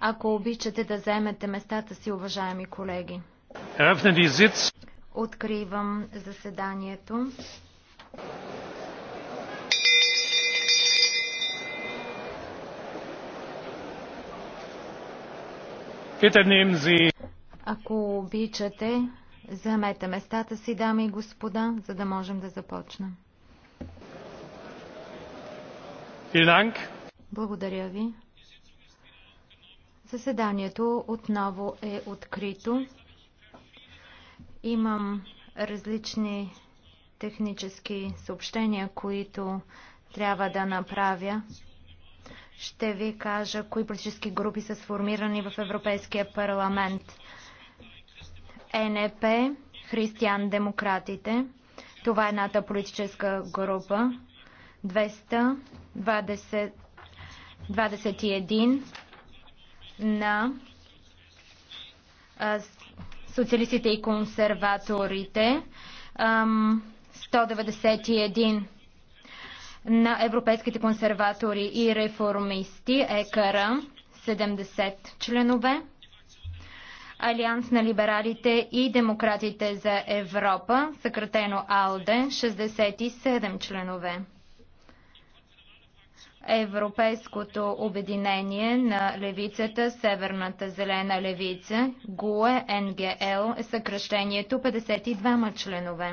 Ако обичате да заемете местата си, уважаеми колеги. Откривам заседанието. Ако обичате, заемете местата си, дами и господа, за да можем да започнем. Благодаря ви. Заседанието отново е открито. Имам различни технически съобщения, които трябва да направя. Ще ви кажа кои политически групи са сформирани в Европейския парламент. НП, християн-демократите. Това е едната политическа група. 200, 20, 21, на социалистите и консерваторите 191 на европейските консерватори и реформисти ЕКР 70 членове Алианс на либералите и демократите за Европа, съкратено АЛДЕ 67 членове Европейското обединение на левицата, Северната зелена левица, ГУЕ НГЛ е съкръщението 52 членове.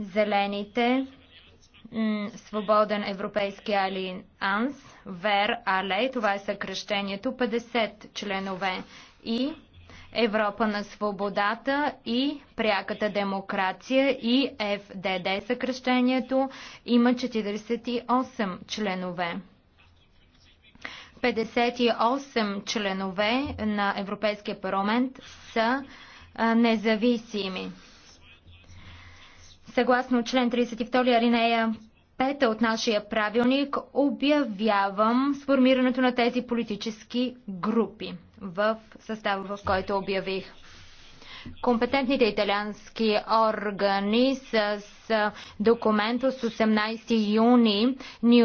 Зелените, Свободен европейски алианс, ВЕР, АЛЕ, това е съкръщението 50 членове и Европа на свободата и пряката демокрация и ФДД съкръщението има 48 членове. 58 членове на Европейския парламент са независими. Съгласно член 32 алинея 5 от нашия правилник обявявам сформирането на тези политически групи в състава, в който обявих. Компетентните италиански органи с документ от 18 юни ни